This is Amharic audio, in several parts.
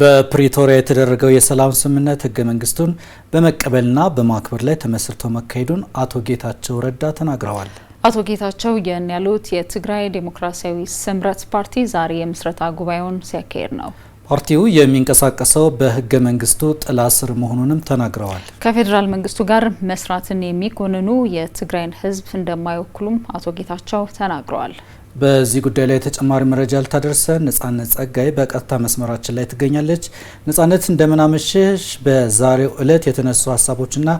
በፕሪቶሪያ የተደረገው የሰላም ስምምነት ህገ መንግስቱን በመቀበልና በማክበር ላይ ተመስርቶ መካሄዱን አቶ ጌታቸው ረዳ ተናግረዋል። አቶ ጌታቸው ይህን ያሉት የትግራይ ዴሞክራሲያዊ ስምረት ፓርቲ ዛሬ የምስረታ ጉባኤውን ሲያካሄድ ነው። ፓርቲው የሚንቀሳቀሰው በህገ መንግስቱ ጥላ ስር መሆኑንም ተናግረዋል። ከፌዴራል መንግስቱ ጋር መስራትን የሚኮንኑ የትግራይን ህዝብ እንደማይወክሉም አቶ ጌታቸው ተናግረዋል። በዚህ ጉዳይ ላይ ተጨማሪ መረጃ ልታደርሰን ነጻነት ጸጋይ በቀጥታ መስመራችን ላይ ትገኛለች። ነጻነት እንደምናመሽሽ። በዛሬው እለት የተነሱ ሀሳቦችና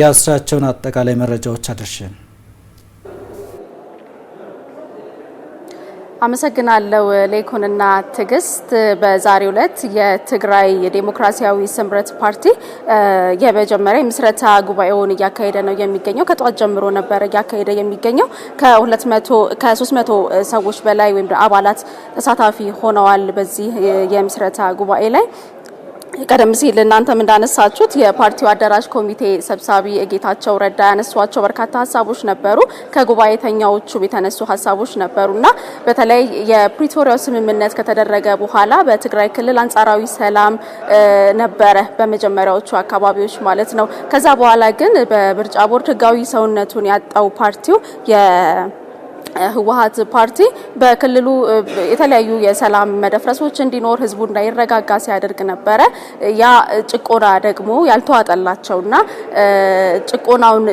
የአስራቸውን አጠቃላይ መረጃዎች አድርሽን። አመሰግናለሁ ሌኩንና ትግስት በዛሬው ዕለት የትግራይ ዴሞክራሲያዊ ስምረት ፓርቲ የመጀመሪያ የምስረታ ጉባኤውን እያካሄደ ነው የሚገኘው። ከጠዋት ጀምሮ ነበር እያካሄደ የሚገኘው። ከ300 ሰዎች በላይ ወይም አባላት ተሳታፊ ሆነዋል በዚህ የምስረታ ጉባኤ ላይ ቀደም ሲል እናንተም እንዳነሳችሁት የፓርቲው አዳራሽ ኮሚቴ ሰብሳቢ ጌታቸው ረዳ ያነሷቸው በርካታ ሀሳቦች ነበሩ። ከጉባኤተኛዎቹም የተነሱ ሀሳቦች ነበሩና በተለይ የፕሪቶሪያው ስምምነት ከተደረገ በኋላ በትግራይ ክልል አንጻራዊ ሰላም ነበረ፣ በመጀመሪያዎቹ አካባቢዎች ማለት ነው። ከዛ በኋላ ግን በምርጫ ቦርድ ህጋዊ ሰውነቱን ያጣው ፓርቲው ህወሀት ፓርቲ በክልሉ የተለያዩ የሰላም መደፍረሶች እንዲኖር ህዝቡ እንዳይረጋጋ ሲያደርግ ነበረ። ያ ጭቆና ደግሞ ያልተዋጠላቸውና ጭቆናውን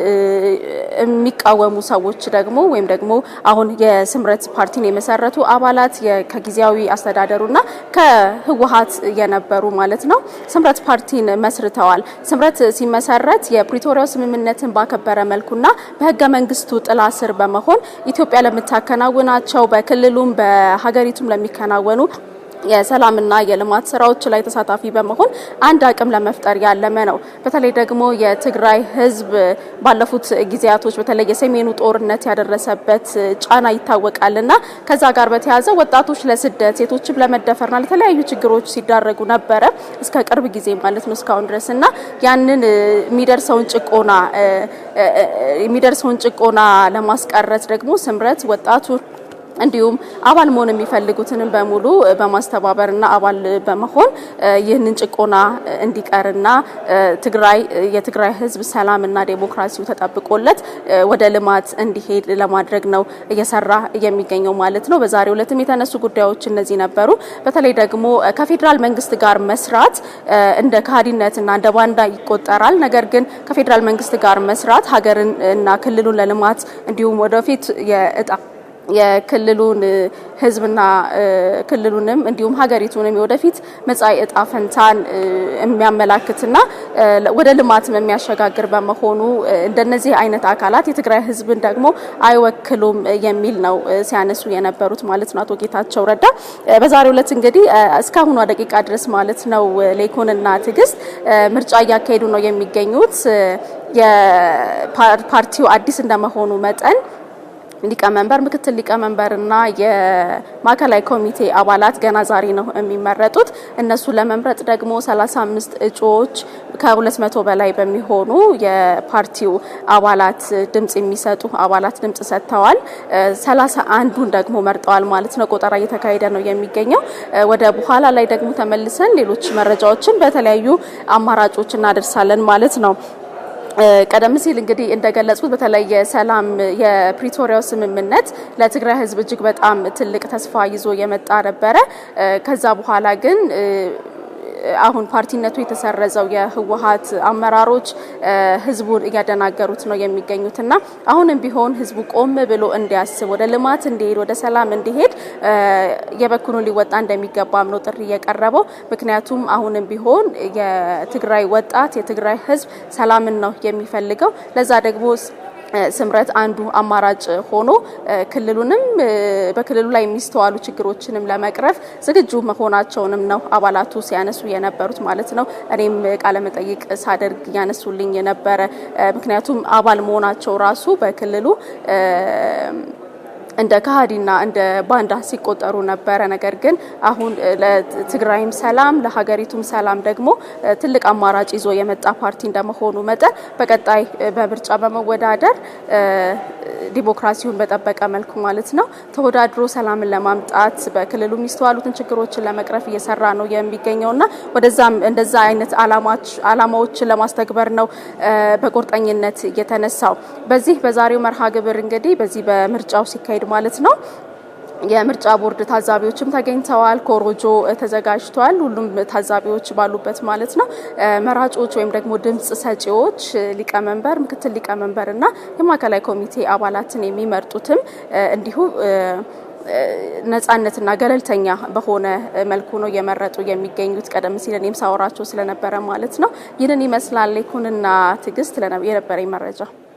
የሚቃወሙ ሰዎች ደግሞ ወይም ደግሞ አሁን የስምረት ፓርቲን የመሰረቱ አባላት ከጊዜያዊ አስተዳደሩና ከህወሀት የነበሩ ማለት ነው ስምረት ፓርቲን መስርተዋል። ስምረት ሲመሰረት የፕሪቶሪያው ስምምነትን ባከበረ መልኩና በህገ መንግስቱ ጥላ ስር በመሆን ኢትዮጵያ ለምታከናውናቸው በክልሉም በሀገሪቱም ለሚከናወኑ የሰላምና የልማት ስራዎች ላይ ተሳታፊ በመሆን አንድ አቅም ለመፍጠር ያለመ ነው። በተለይ ደግሞ የትግራይ ህዝብ ባለፉት ጊዜያቶች በተለይ የሰሜኑ ጦርነት ያደረሰበት ጫና ይታወቃልና ከዛ ጋር በተያያዘ ወጣቶች ለስደት ሴቶችም ለመደፈርና ለተለያዩ ችግሮች ሲዳረጉ ነበረ እስከ ቅርብ ጊዜ ማለት ነው እስካሁን ድረስ እና ያንን የሚደርሰውን ጭቆና የሚደርሰውን ጭቆና ለማስቀረት ደግሞ ስምረት ወጣቱ እንዲሁም አባል መሆን የሚፈልጉትንም በሙሉ በማስተባበርና አባል በመሆን ይህንን ጭቆና እንዲቀርና ትግራይ የትግራይ ህዝብ ሰላምና ዴሞክራሲው ተጠብቆለት ወደ ልማት እንዲሄድ ለማድረግ ነው እየሰራ የሚገኘው ማለት ነው። በዛሬው ዕለትም የተነሱ ጉዳዮች እነዚህ ነበሩ። በተለይ ደግሞ ከፌዴራል መንግስት ጋር መስራት እንደ ከሃዲነትና እንደ ባንዳ ይቆጠራል። ነገር ግን ከፌዴራል መንግስት ጋር መስራት ሀገርን እና ክልሉን ለልማት እንዲሁም ወደፊት የእጣ የክልሉን ህዝብና ክልሉንም እንዲሁም ሀገሪቱንም የወደፊት መጻኢ እጣ ፈንታን የሚያመላክትና ወደ ልማትም የሚያሸጋግር በመሆኑ እንደነዚህ አይነት አካላት የትግራይ ህዝብን ደግሞ አይወክሉም የሚል ነው ሲያነሱ የነበሩት ማለት ነው አቶ ጌታቸው ረዳ። በዛሬው ዕለት እንግዲህ እስካሁኗ ደቂቃ ድረስ ማለት ነው ሌኮንና ትዕግስት ምርጫ እያካሄዱ ነው የሚገኙት የፓርቲው አዲስ እንደመሆኑ መጠን ሊቀመንበር ምክትል ሊቀመንበርና የማዕከላዊ ኮሚቴ አባላት ገና ዛሬ ነው የሚመረጡት። እነሱ ለመምረጥ ደግሞ 35 እጩዎች ከ200 በላይ በሚሆኑ የፓርቲው አባላት ድምጽ የሚሰጡ አባላት ድምጽ ሰጥተዋል። 31ዱን ደግሞ መርጠዋል ማለት ነው። ቆጠራ እየተካሄደ ነው የሚገኘው። ወደ በኋላ ላይ ደግሞ ተመልሰን ሌሎች መረጃዎችን በተለያዩ አማራጮች እናደርሳለን ማለት ነው። ቀደም ሲል እንግዲህ እንደገለጹት በተለይ የሰላም የፕሪቶሪያው ስምምነት ለትግራይ ሕዝብ እጅግ በጣም ትልቅ ተስፋ ይዞ የመጣ ነበረ። ከዛ በኋላ ግን አሁን ፓርቲነቱ የተሰረዘው የህወሀት አመራሮች ህዝቡን እያደናገሩት ነው የሚገኙትና አሁንም ቢሆን ህዝቡ ቆም ብሎ እንዲያስብ ወደ ልማት እንዲሄድ ወደ ሰላም እንዲሄድ የበኩሉን ሊወጣ እንደሚገባም ነው ጥሪ የቀረበው። ምክንያቱም አሁንም ቢሆን የትግራይ ወጣት የትግራይ ህዝብ ሰላምን ነው የሚፈልገው። ለዛ ደግሞ ስምረት አንዱ አማራጭ ሆኖ ክልሉንም በክልሉ ላይ የሚስተዋሉ ችግሮችንም ለመቅረፍ ዝግጁ መሆናቸውንም ነው አባላቱ ሲያነሱ የነበሩት ማለት ነው። እኔም ቃለመጠይቅ ሳደርግ ያነሱልኝ የነበረ ምክንያቱም አባል መሆናቸው ራሱ በክልሉ እንደ ካሃዲና እንደ ባንዳ ሲቆጠሩ ነበረ። ነገር ግን አሁን ለትግራይም ሰላም ለሀገሪቱም ሰላም ደግሞ ትልቅ አማራጭ ይዞ የመጣ ፓርቲ እንደመሆኑ መጠን በቀጣይ በምርጫ በመወዳደር ዲሞክራሲውን በጠበቀ መልኩ ማለት ነው ተወዳድሮ ሰላምን ለማምጣት በክልሉ የሚስተዋሉትን ችግሮችን ለመቅረፍ እየሰራ ነው የሚገኘውና ወደዛም እንደዛ አይነት አላማዎችን ለማስተግበር ነው በቁርጠኝነት እየተነሳው። በዚህ በዛሬው መርሃ ግብር እንግዲህ በዚህ በምርጫው ሲካሄድ ማለት ነው። የምርጫ ቦርድ ታዛቢዎችም ተገኝተዋል። ኮሮጆ ተዘጋጅቷል። ሁሉም ታዛቢዎች ባሉበት ማለት ነው። መራጮች ወይም ደግሞ ድምፅ ሰጪዎች ሊቀመንበር፣ ምክትል ሊቀመንበር እና የማዕከላዊ ኮሚቴ አባላትን የሚመርጡትም እንዲሁ ነጻነትና ገለልተኛ በሆነ መልኩ ነው እየመረጡ የሚገኙት። ቀደም ሲል እኔም ሳወራቸው ስለነበረ ማለት ነው። ይህንን ይመስላል። ኩንና ትዕግስት የነበረኝ መረጃ